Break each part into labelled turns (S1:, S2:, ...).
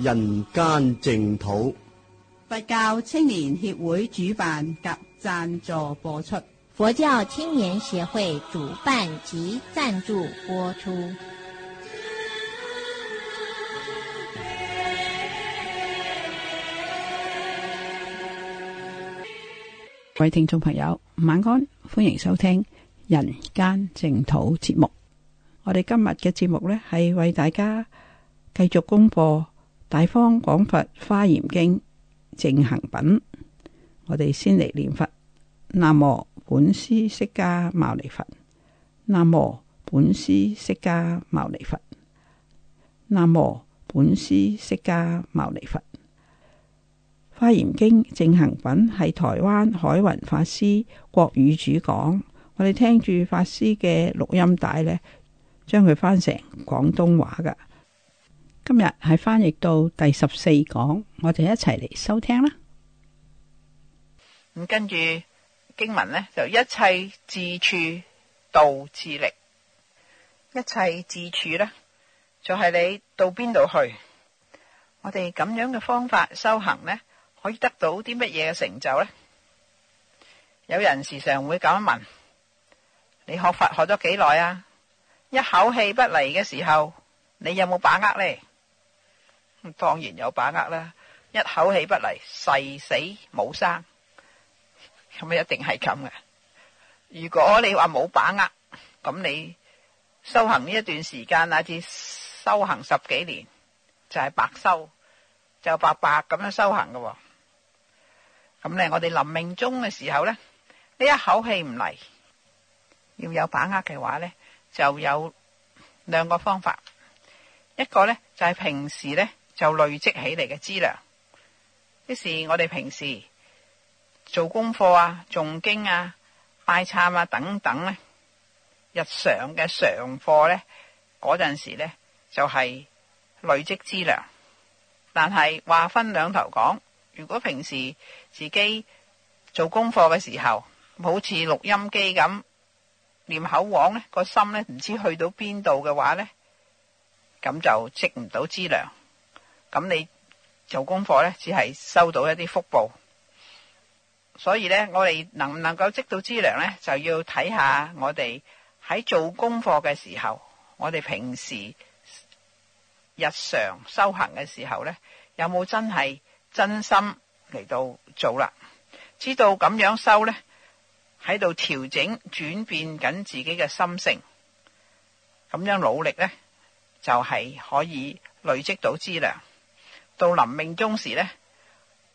S1: 人間淨土，佛教青年協會主辦及贊助播出。佛教青年協會主辦及贊助播出。各位聽眾朋友，晚安，歡迎收聽《人間淨土》節目。我哋今日嘅節目呢，係為大家繼續公布。大方廣佛《華嚴經》正行品，我哋先嚟念佛。南無本師釋迦牟尼佛。南無本師釋迦牟尼佛。南無本師釋迦牟尼佛。華嚴經正行品係台灣海雲法師國語主講，我哋聽住法師嘅錄音帶呢，將佢翻成廣東話㗎。今日係翻譯到第十四講，我哋一齊嚟收聽啦。咁跟住經文呢，就一切自處道自力，一切自處呢，就係你到邊度去。我哋咁樣嘅方法修行呢，可以得到啲乜嘢嘅成就呢？有人時常會咁問：你學佛學咗幾耐啊？一口氣不嚟嘅時候，你有冇把握呢？當然有把握啦，一口氣不嚟，誓死冇生，咁咪一定係咁嘅。如果你話冇把握，咁你修行呢一段時間，乃至修行十幾年，就係白修，就白白咁樣修行嘅。咁咧，我哋臨命終嘅時候咧，呢一口氣唔嚟，要有把握嘅話咧，就有兩個方法，一個咧就係平時咧。就累積起嚟嘅資糧，於是我哋平時做功課啊、誦經啊、拜懺啊等等咧，日常嘅常課呢。嗰陣時呢，就係、是、累積資糧。但係話分兩頭講，如果平時自己做功課嘅時候，好似錄音機咁念口簧呢，個心呢，唔知去到邊度嘅話呢，咁就積唔到資糧。咁你做功課呢，只係收到一啲福報。所以呢，我哋能唔能夠積到資糧呢？就要睇下我哋喺做功課嘅時候，我哋平時日常修行嘅時候呢，有冇真係真心嚟到做啦？知道咁樣修呢，喺度調整轉變緊自己嘅心性，咁樣努力呢，就係可以累積到資糧。到臨命終時呢，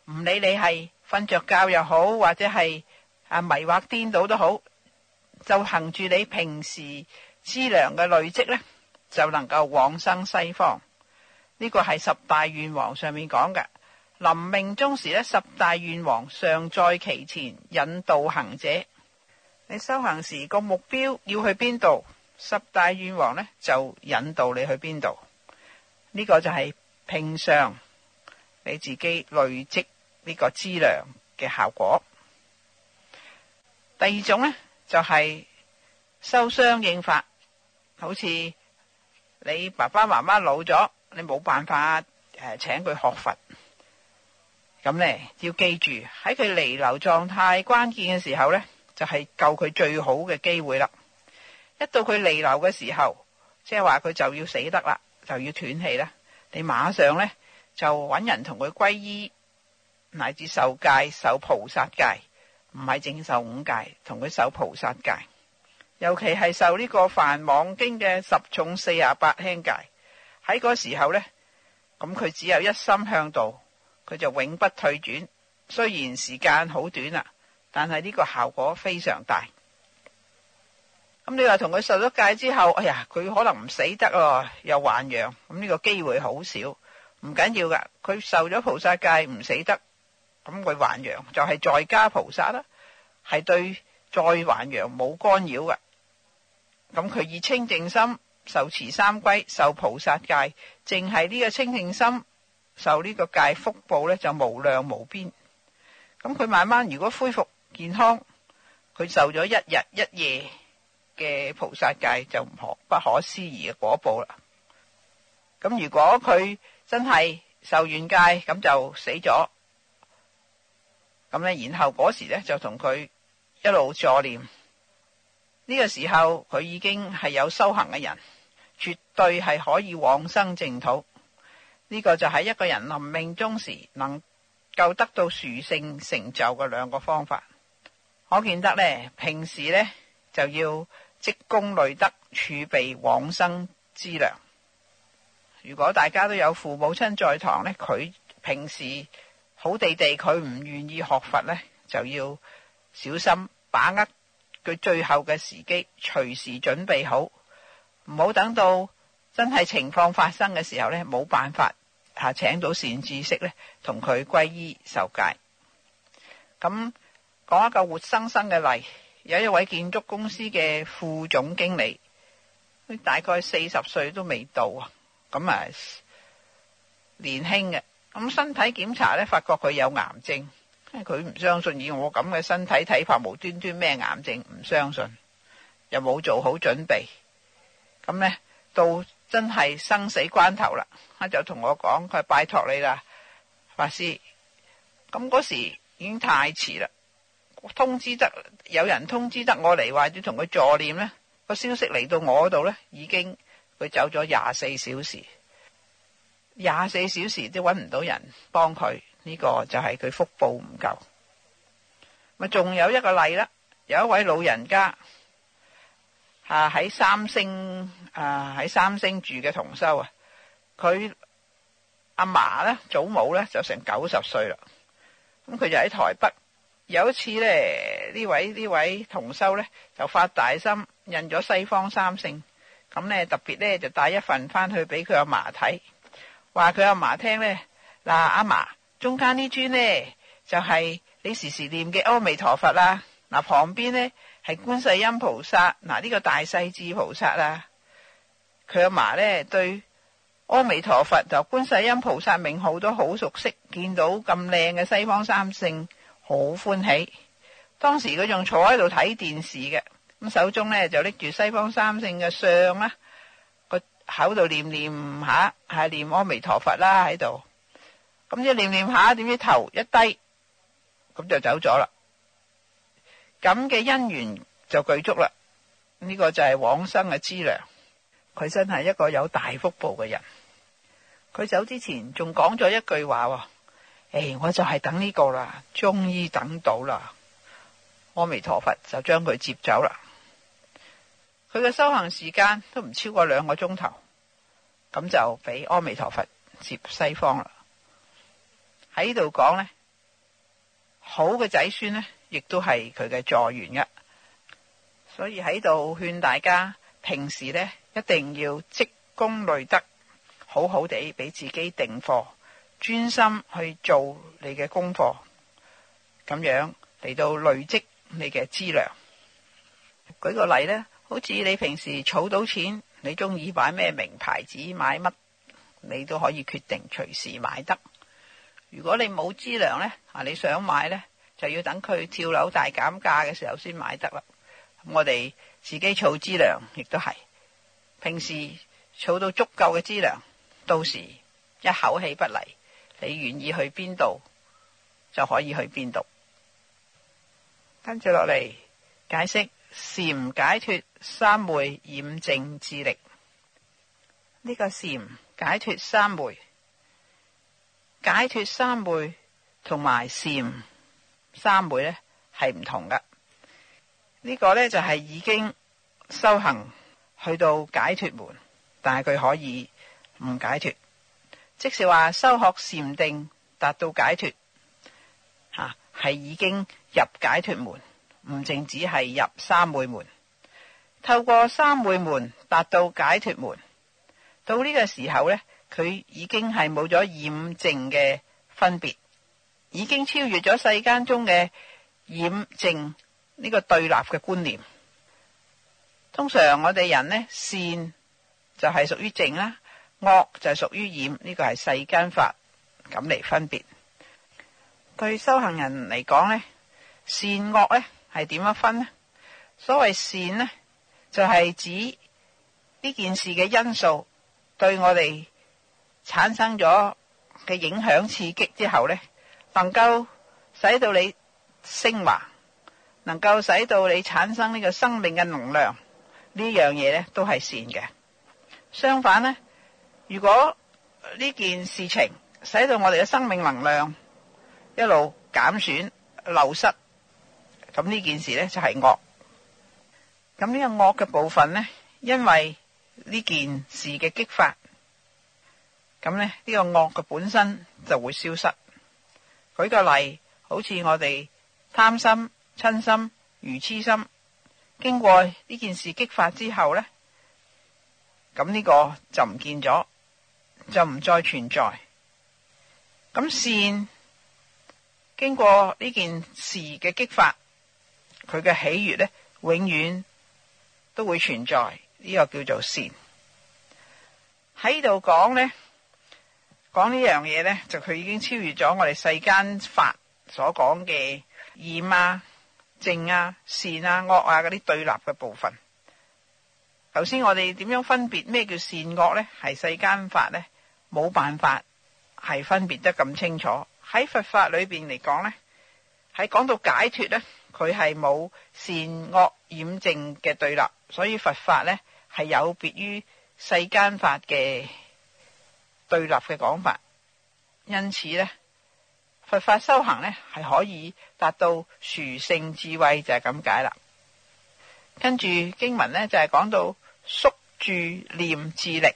S1: 唔理你係瞓着覺又好，或者係啊迷惑顛倒都好，就行住你平時資糧嘅累積呢，就能夠往生西方。呢、呢個係十大願王上面講嘅。臨命終時呢，十大願王尚在其前引導行者。你修行時個目標要去邊度，十大願王呢，就引導你去邊度。呢、呢個就係平常，你自己累積呢個資糧嘅效果。第二種呢，就係、是、收相應法，好似你爸爸媽媽老咗，你冇辦法誒、呃、請佢學佛。咁咧要記住喺佢彌留狀態關鍵嘅時候呢，就係、是、救佢最好嘅機會啦。一到佢彌留嘅時候，即係話佢就要死得啦，就要斷氣啦，你馬上呢。就揾人同佢皈依，乃至受戒、受菩薩戒，唔係正受五戒，同佢受菩薩戒，尤其係受呢個《梵網經》嘅十重四十八輕戒。喺嗰時候呢，咁佢只有一心向道，佢就永不退轉。雖然時間好短啦，但係呢個效果非常大。咁你話同佢受咗戒之後，哎呀，佢可能唔死得哦，又還陽。咁呢個機會好少。唔緊要噶，佢受咗菩薩戒唔死得，咁佢還陽就係在家菩薩啦，係對再還陽冇干擾噶。咁佢以清淨心受持三歸受菩薩戒，淨係呢個清淨心受呢個戒福報呢就無量無邊。咁佢慢慢如果恢復健康，佢受咗一日一夜嘅菩薩戒就唔可不可思議嘅果報啦。咁如果佢，真係受完戒咁就死咗，咁呢，然後嗰時呢，就同佢一路助念。呢個時候佢已經係有修行嘅人，絕對係可以往生淨土。呢個就係一個人臨命終時能夠得到殊勝成就嘅兩個方法。可見得呢，平時呢，就要積功累德，儲備往生之糧。如果大家都有父母親在堂呢，佢平時好地地，佢唔願意學佛呢，就要小心把握佢最後嘅時機，隨時準備好，唔好等到真係情況發生嘅時候呢，冇辦法吓請到善知識呢同佢歸依受戒。咁講一個活生生嘅例，有一位建築公司嘅副總經理，佢大概四十歲都未到啊。咁啊，年輕嘅，咁身體檢查呢，發覺佢有癌症。佢唔相信，以我咁嘅身體體法，無端端咩癌症？唔相信，又冇做好準備。咁呢，到真係生死關頭啦，佢就同我講，佢拜託你啦，法師，咁嗰時已經太遲啦，通知得有人通知得我嚟，或者同佢助念呢，個消息嚟到我嗰度呢，已經。佢走咗廿四小時，廿四小時都揾唔到人幫佢，呢個就係佢福報唔夠。咪仲有一個例啦，有一位老人家啊喺三星啊喺三星住嘅同修啊，佢阿嫲咧、祖母咧就成九十歲啦。咁佢就喺台北有一次咧，呢位呢位同修咧就發大心印咗西方三聖。咁咧特別咧就帶一份翻去俾佢阿嫲睇，話佢阿嫲聽咧，嗱阿嫲中間呢尊呢，就係你時時念嘅阿彌陀佛啦，嗱旁邊呢，係觀世音菩薩，嗱、這、呢個大勢至菩薩啦，佢阿嫲呢，對阿彌陀佛就觀世音菩薩名號都好熟悉，見到咁靚嘅西方三聖好歡喜，當時佢仲坐喺度睇電視嘅。咁手中咧就拎住西方三聖嘅相啦，個口度念念下係念阿彌陀佛啦喺度。咁一念念下，點知頭一低，咁就走咗啦。咁嘅因緣就具足啦。呢、這個就係往生嘅資糧，佢真係一個有大福報嘅人。佢走之前仲講咗一句話：誒、哎，我就係等呢個啦，終於等到啦。阿彌陀佛就將佢接走啦。佢嘅修行時間都唔超過兩個鐘頭，咁就俾阿彌陀佛接西方啦。喺度講呢好嘅仔孫呢，亦都係佢嘅助緣嘅，所以喺度勸大家平時呢，一定要積功累德，好好地俾自己訂課，專心去做你嘅功課，咁樣嚟到累積你嘅資糧。舉個例呢。好似你平時儲到錢，你中意買咩名牌子，買乜你都可以決定，隨時買得。如果你冇資糧呢，啊你想買呢，就要等佢跳樓大減價嘅時候先買得啦。我哋自己儲資糧，亦都係平時儲到足夠嘅資糧，到時一口氣不嚟，你願意去邊度就可以去邊度。跟住落嚟解釋。禪解脫三昧染淨智力，呢個禪解脫三昧，解脫三昧同埋禪三昧呢，係唔同噶。呢個呢，就係已經修行去到解脫門，但係佢可以唔解脫，即是話修學禪定達到解脫，吓、啊、係已經入解脫門。唔淨止係入三昧門，透過三昧門達到解脫門。到呢個時候呢，佢已經係冇咗染淨嘅分別，已經超越咗世間中嘅染淨呢個對立嘅觀念。通常我哋人呢，善就係屬於淨啦，惡就屬於染。呢個係世間法咁嚟分別。對修行人嚟講呢，善惡呢。係點樣分呢？所謂善呢，就係指呢件事嘅因素對我哋產生咗嘅影響、刺激之後呢，能夠使到你升華，能夠使到你產生呢個生命嘅能量呢樣嘢呢，都係善嘅。相反呢，如果呢件事情使到我哋嘅生命能量一路減損、流失。咁呢件事呢，就係惡，咁、這、呢個惡嘅部分呢，因為呢件事嘅激發，咁咧呢個惡嘅本身就會消失。舉個例，好似我哋貪心、嗔心、愚痴心，經過呢件事激發之後呢，咁、這、呢個就唔見咗，就唔再存在。咁善經過呢件事嘅激發。佢嘅喜悅咧，永遠都會存在。呢個叫做善。喺度講呢講呢樣嘢呢，就佢已經超越咗我哋世間法所講嘅染啊、淨啊、善啊、惡啊嗰啲對立嘅部分。頭先我哋點樣分別咩叫善惡呢？係世間法呢，冇辦法係分別得咁清楚。喺佛法裏邊嚟講呢，喺講到解脫呢。佢係冇善惡染淨嘅對立，所以佛法呢係有別於世間法嘅對立嘅講法。因此呢，佛法修行呢係可以達到殊勝智慧，就係咁解啦。跟住經文呢，就係講到宿住念智力，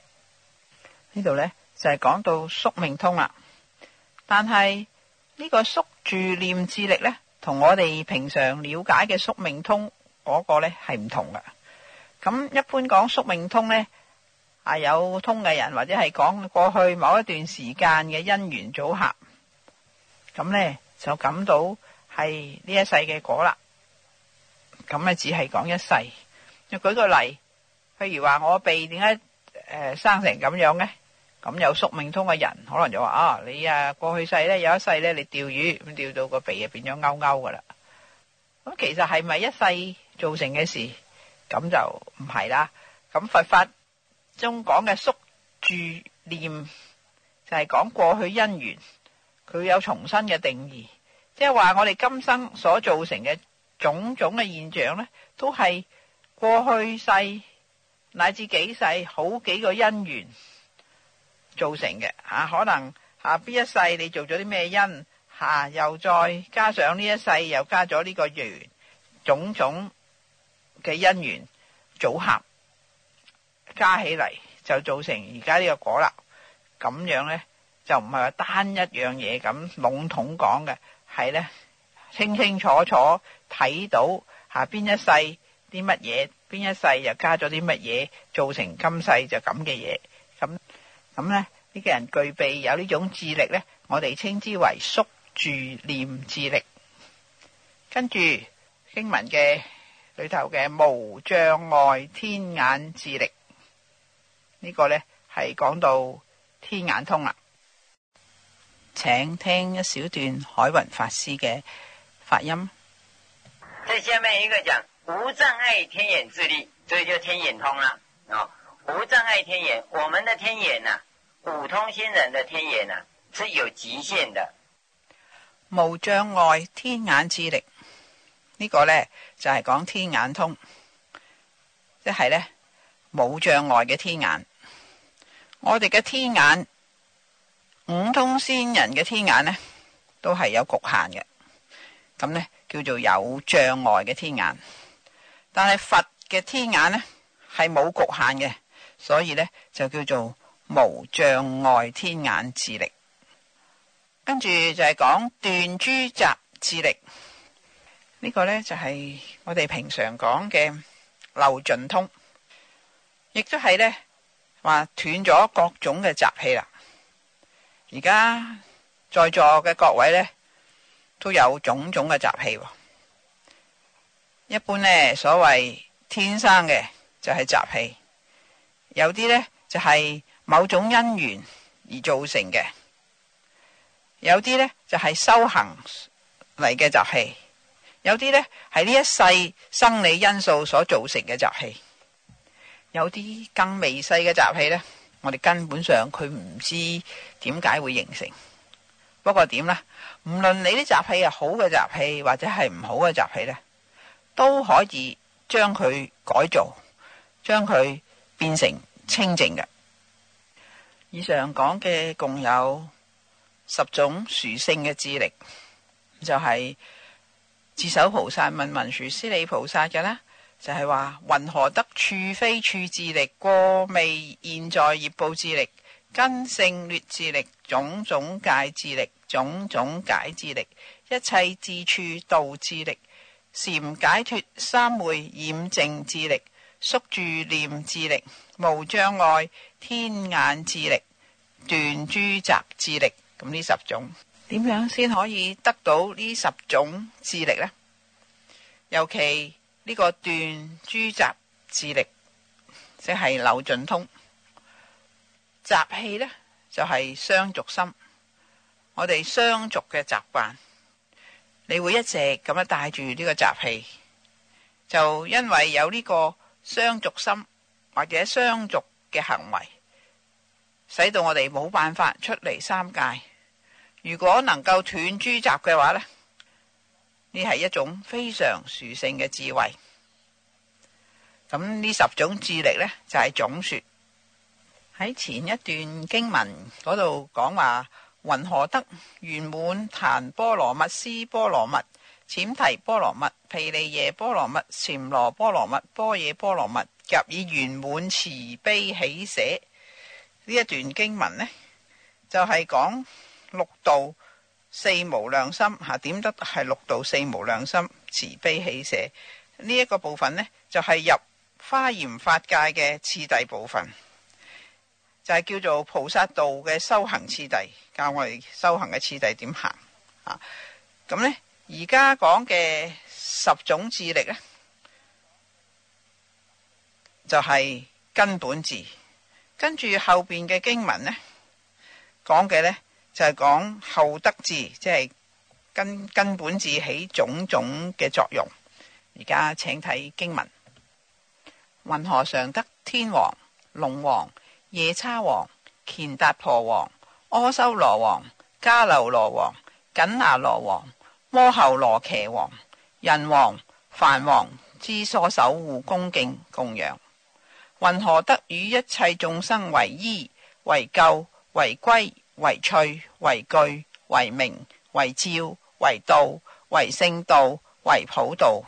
S1: 呢度呢，就係講到宿命通啦。但係呢個宿住念智力呢，同我哋平常了解嘅宿命通嗰個咧，係唔同嘅。咁一般講宿命通咧，係有通嘅人或者係講過去某一段時間嘅姻緣組合，咁咧就感到係呢一世嘅果啦。咁咧只係講一世。你舉個例，譬如話我鼻點解誒生成咁樣嘅？咁有宿命通嘅人，可能就話啊，你啊過去世咧有一世咧，你釣魚咁釣到個鼻啊變咗勾勾噶啦。咁其實係咪一世造成嘅事？咁就唔係啦。咁佛法中講嘅宿住念，就係講過去因緣，佢有重新嘅定義，即係話我哋今生所造成嘅種種嘅現象咧，都係過去世乃至幾世好幾個因緣。造成嘅吓、啊、可能下邊、啊、一世你做咗啲咩因，吓、啊、又再加上呢一世又加咗呢個緣，種種嘅因緣組合加起嚟就造成而家呢個果啦。咁樣咧就唔係話單一樣嘢咁籠統講嘅，係咧清清楚楚睇到下邊、啊、一世啲乜嘢，邊一世又加咗啲乜嘢，造成今世就咁嘅嘢。咁呢，呢、嗯，這個人具備有呢種智力？呢，我哋稱之為縮住念智力。跟住經文嘅裏頭嘅無障礙天眼智力，呢、這個呢係講到天眼通啦。請聽一小段海雲法師嘅發音。即下面一個講無障礙天眼智力，所以就，就天眼通啦。啊、哦，無障礙天眼，我們的天眼啊。五通仙人的天眼啊，是有極限的，無障礙天眼之力。呢個咧就係講天眼通，即係咧無障礙嘅天眼。我哋嘅天眼，五通仙人嘅天眼咧都係有局限嘅，咁咧叫做有障礙嘅天眼。但係佛嘅天眼咧係冇局限嘅，所以咧就叫做。無障礙天眼智力，跟住就係講斷諸雜智力，呢、這個呢，就係我哋平常講嘅漏盡通，亦都係呢話斷咗各種嘅習氣啦。而家在,在座嘅各位呢，都有種種嘅習氣，一般呢，所謂天生嘅就係習氣，有啲呢就係、是。某種因緣而造成嘅，有啲呢就係修行嚟嘅習氣，有啲呢係呢一世生理因素所造成嘅習氣，有啲更微細嘅習氣呢，我哋根本上佢唔知點解會形成。不過點呢？唔論你啲習氣係好嘅習氣，或者係唔好嘅習氣呢，都可以將佢改造，將佢變成清淨嘅。以上講嘅共有十種殊勝嘅智力，就係、是、智首菩薩問文殊師利菩薩嘅咧，就係話云何得處非處、智力過未現在業報智力、根性劣智力、種種界、智力種種解智力、種種解智力、一切自處道智力、禪解脱三昧染淨智力。宿住念智力、無障礙天眼智力、斷諸習智力，咁呢十種點樣先可以得到呢十種智力呢？尤其呢個斷諸習智力，即係漏盡通習氣呢，就係、是、雙俗心。我哋雙俗嘅習慣，你會一直咁樣帶住呢個習氣，就因為有呢、這個。相續心或者相續嘅行為，使到我哋冇辦法出離三界。如果能夠斷諸雜嘅話呢，呢係一種非常殊勝嘅智慧。咁呢十種智力呢，就係總説喺前一段經文嗰度講話，雲何得圓滿檀波羅蜜、尸波羅蜜？淺提波羅蜜，毗利耶波羅蜜，禪羅波羅蜜，波野波羅蜜，及以圓滿慈悲喜捨呢一段經文呢，就係、是、講六度四無量心吓，點、啊、得係六度四無量心慈悲喜捨呢一個部分呢，就係、是、入花言法界嘅次第部分，就係、是、叫做菩薩道嘅修行次第，教我哋修行嘅次第點行啊？咁咧。而家講嘅十種智力呢，就係、是、根本智。跟住後邊嘅經文呢，講嘅呢，就係、是、講後得智，即係跟根本智起種種嘅作用。而家請睇經文：雲河上得天王、龍王、夜叉王、乾達婆王、阿修羅王、迦樓羅王、緊拿羅王。摩睺羅伽王、人王、梵王之所守護，恭敬供養。云何得與一切眾生為依、為救、為歸、為趣、為具、為明、為照、為道、為聖道、為普道。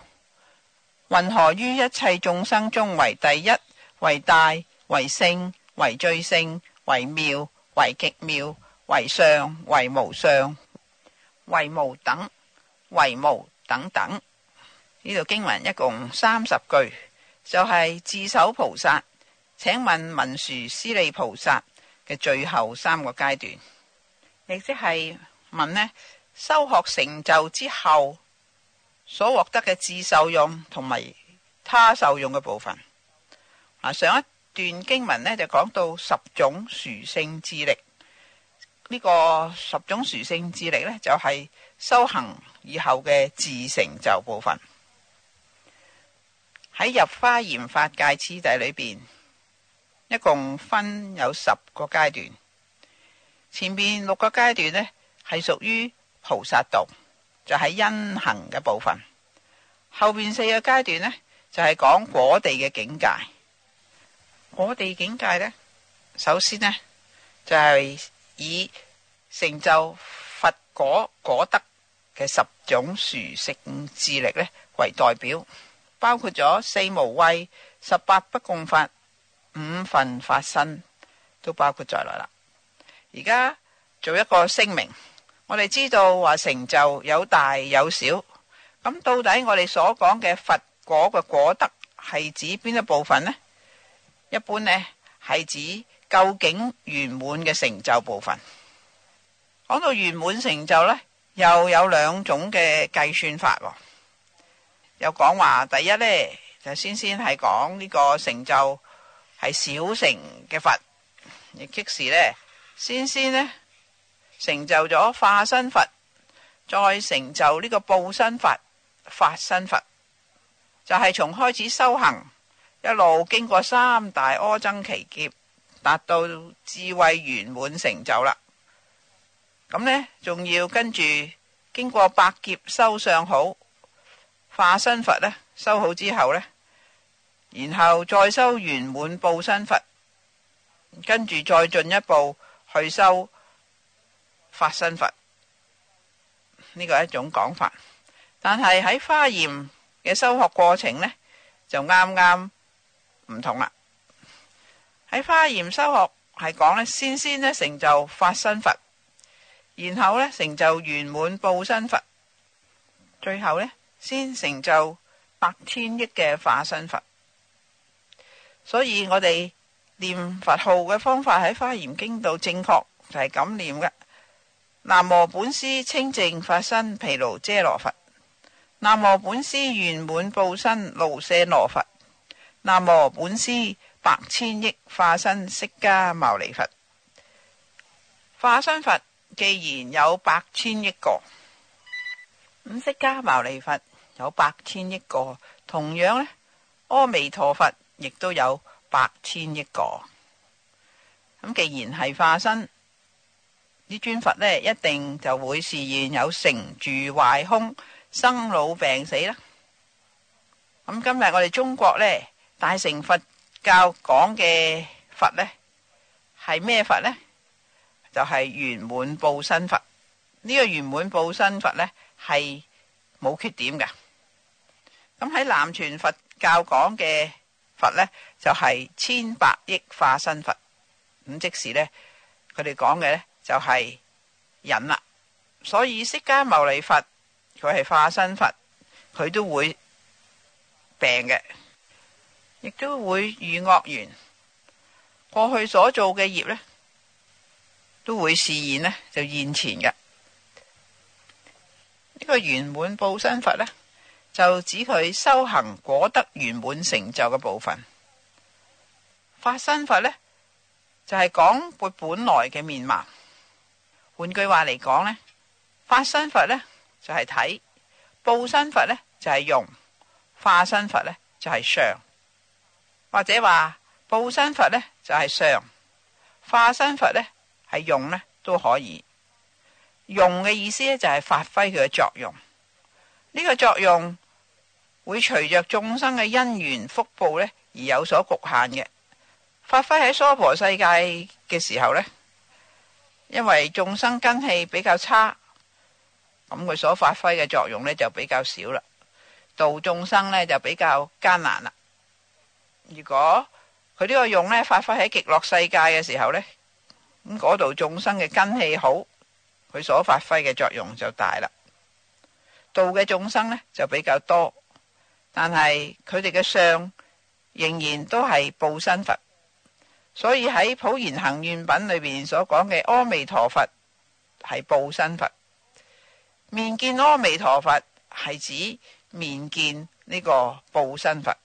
S1: 云何於一切眾生中為第一、為大、為聖、為最聖、為妙、為極妙、為上、為無上、為無等。為無等等。呢度經文一共三十句，就係、是、自受菩薩，請問文殊師利菩薩嘅最後三個階段，亦即係問呢，修學成就之後所獲得嘅自受用同埋他受用嘅部分。嗱，上一段經文呢就講到十種殊勝智力，呢、這個十種殊勝智力呢就係修行，以後嘅自成就部分喺入華嚴法界次第裏邊，一共分有十個階段。前邊六個階段呢，係屬於菩薩道，就喺因行嘅部分；後邊四個階段呢，就係講果地嘅境界。果地境界呢，首先呢，就係以成就佛果果德。嘅十種殊勝智力呢，為代表包括咗四無畏、十八不共法、五分法身，都包括在內啦。而家做一個聲明，我哋知道話成就有大有小，咁到底我哋所講嘅佛果嘅果德係指邊一部分呢？一般呢，係指究竟圓滿嘅成就部分。講到圓滿成就呢。又有兩種嘅計算法，又講話第一呢，就先先係講呢個成就係小乘嘅佛，亦即係呢，先先呢，成就咗化身佛，再成就呢個報身佛、法身佛，就係、是、從開始修行一路經過三大阿僧祇劫，達到智慧圓滿成就啦。咁呢，仲要跟住經過百劫修相好化身佛呢。修好之後呢，然後再修圓滿報身佛，跟住再進一步去修法身佛。呢個係一種講法，但係喺華嚴嘅修學過程呢，就啱啱唔同啦。喺華嚴修學係講呢，先先咧成就法身佛。然後呢，成就圓滿報身佛，最後呢，先成就百千億嘅化身佛。所以我哋念佛號嘅方法喺《華嚴經》度正確就係、是、咁念嘅：南無本師清淨化身毗盧遮羅佛，南無本師圓滿報身盧舍羅佛，南無本師百千億化身釋迦牟尼佛，化身佛。既然有百千億個，釋迦牟尼佛有百千億個。同樣呢，阿彌陀佛亦都有百千億個。咁既然係化身，呢尊佛呢，一定就會示現有成住壞空、生老病死啦。咁今日我哋中國呢，大乘佛教講嘅佛呢，係咩佛呢？就係圓滿報身佛，呢、這個圓滿報身佛呢，係冇缺點嘅。咁喺南傳佛教講嘅佛呢，就係、是、千百億化身佛。咁即是呢，佢哋講嘅呢，就係忍啦。所以釋迦牟尼佛佢係化身佛，佢都會病嘅，亦都會遇惡緣。過去所做嘅業呢。都會示現呢就現前嘅呢、這個圓滿報身佛呢，就指佢修行果德圓滿成就嘅部分。法身佛呢，就係講佢本來嘅面貌。換句話嚟講呢，法身佛呢，就係睇報身佛呢，就係用化身佛呢，就係相，或者話報身佛呢，就係相，化身佛呢，喺用咧都可以用嘅意思咧，就係發揮佢嘅作用。呢個作用會隨着眾生嘅因緣福報咧而有所局限嘅。發揮喺娑婆世界嘅時候咧，因為眾生根氣比較差，咁佢所發揮嘅作用咧就比較少啦。度眾生咧就比較艱難啦。如果佢呢個用咧發揮喺極樂世界嘅時候咧。咁嗰度眾生嘅根氣好，佢所發揮嘅作用就大啦。道嘅眾生呢就比較多，但係佢哋嘅相仍然都係報身佛，所以喺《普賢行願品》裏邊所講嘅阿彌陀佛係報身佛，面見阿彌陀佛係指面見呢個報身佛，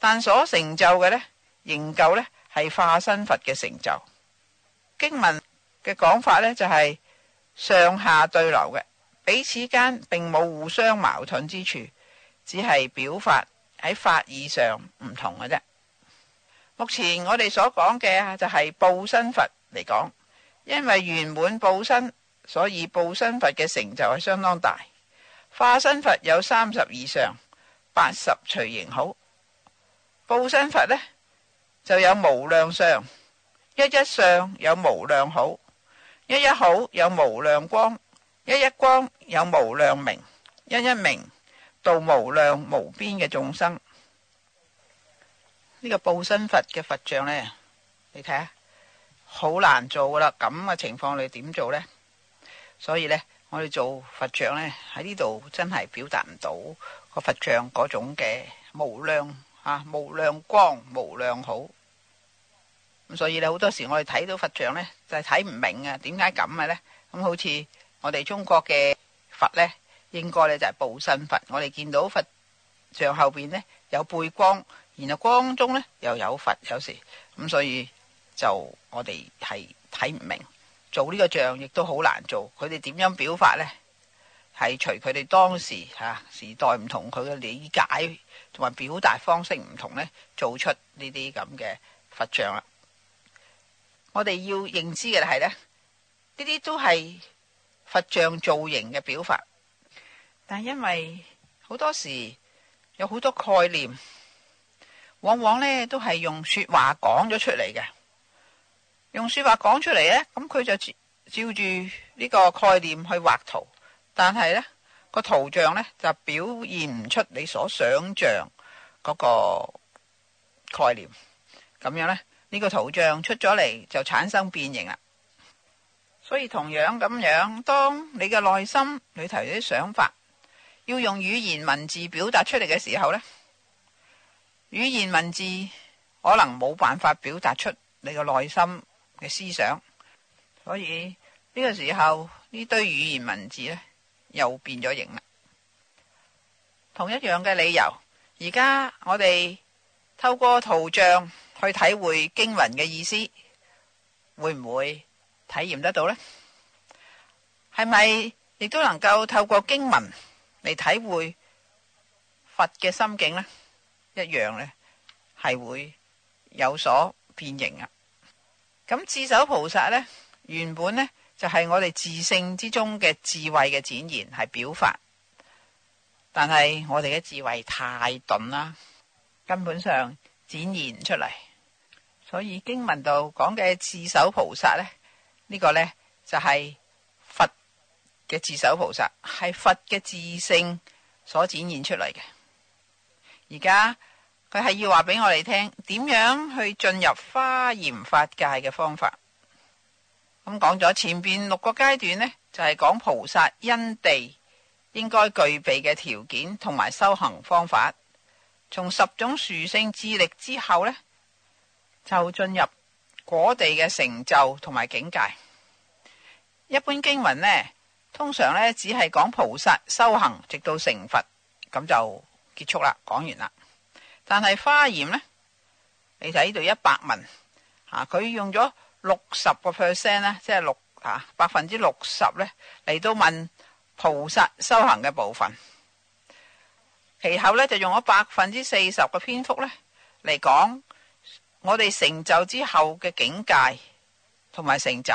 S1: 但所成就嘅呢，仍舊呢，係化身佛嘅成就。經文嘅講法呢，就係上下對流嘅，彼此間並冇互相矛盾之處，只係表法喺法義上唔同嘅啫。目前我哋所講嘅就係報身佛嚟講，因為圓滿報身，所以報身佛嘅成就係相當大。化身佛有三十以上，八十隨形好，報身佛呢，就有無量相。一一上有無量好，一一好有無量光，一一光有無量明，一一明道無量無邊嘅眾生。呢個報身佛嘅佛像呢，你睇下，好難做啦。咁嘅情況，你哋點做呢？所以呢，我哋做佛像呢，喺呢度真係表達唔到個佛像嗰種嘅無量啊，無量光，無量好。所以咧，好多時我哋睇到佛像呢，就係睇唔明啊，點解咁嘅呢？咁好似我哋中國嘅佛呢，應該呢就係報身佛。我哋見到佛像後邊呢，有背光，然後光中呢，又有佛，有時咁，所以就我哋係睇唔明。做呢個像，亦都好難做。佢哋點樣表法呢？係隨佢哋當時嚇、啊、時代唔同，佢嘅理解同埋表達方式唔同呢，做出呢啲咁嘅佛像啊！我哋要認知嘅係呢，呢啲都係佛像造型嘅表法，但因為好多時有好多概念，往往呢都係用說話講咗出嚟嘅。用說話講出嚟呢，咁佢就照住呢個概念去畫圖，但係呢個圖像呢，就表現唔出你所想象嗰個概念，咁樣呢。呢個圖像出咗嚟，就產生變形啦，所以同樣咁樣，當你嘅內心裏頭啲想法要用語言文字表達出嚟嘅時候呢，語言文字可能冇辦法表達出你個內心嘅思想，所以呢個時候呢堆語言文字呢又變咗形啦，同一樣嘅理由，而家我哋透過圖像。去體會經文嘅意思，會唔會體驗得到呢？係咪亦都能夠透過經文嚟體會佛嘅心境呢？一樣呢，係會有所變形啊！咁智首菩薩呢，原本呢就係、是、我哋自性之中嘅智慧嘅展現，係表法。但係我哋嘅智慧太鈍啦，根本上。展現出嚟，所以經文度講嘅自首菩薩咧，呢個呢，就係佛嘅自首菩薩，係、這個、佛嘅自性所展現出嚟嘅。而家佢係要話俾我哋聽，點樣去進入華嚴法界嘅方法。咁講咗前邊六個階段呢，就係、是、講菩薩因地應該具備嘅條件同埋修行方法。從十種殊勝智力之後呢就進入果地嘅成就同埋境界。一般經文呢，通常呢只係講菩薩修行直到成佛，咁就結束啦，講完啦。但係花嚴呢，你睇呢度一百文，吓、啊、佢用咗六十個 percent 咧，即係六吓百分之六十呢嚟到問菩薩修行嘅部分。其後呢，就用咗百分之四十嘅篇幅呢嚟講，我哋成就之後嘅境界同埋成就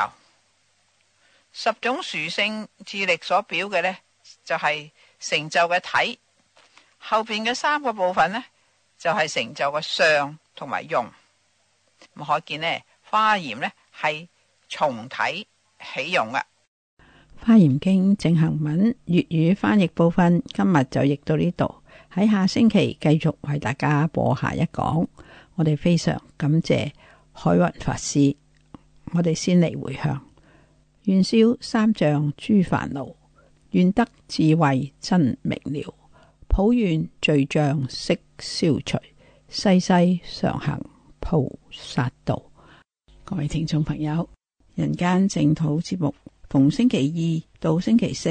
S1: 十種殊勝智力所表嘅呢，就係、是、成就嘅體後邊嘅三個部分呢，就係、是、成就嘅相同埋用。唔可見呢，華嚴呢係從體起用啊。華嚴經正行文粵語翻譯部分，今日就譯到呢度。喺下星期繼續為大家播下一講，我哋非常感謝海雲法師。我哋先嚟回向，願消三障諸煩惱，願得智慧真明了，普願罪障悉消除，世世常行菩薩道。各位聽眾朋友，人間淨土節目逢星期二到星期四，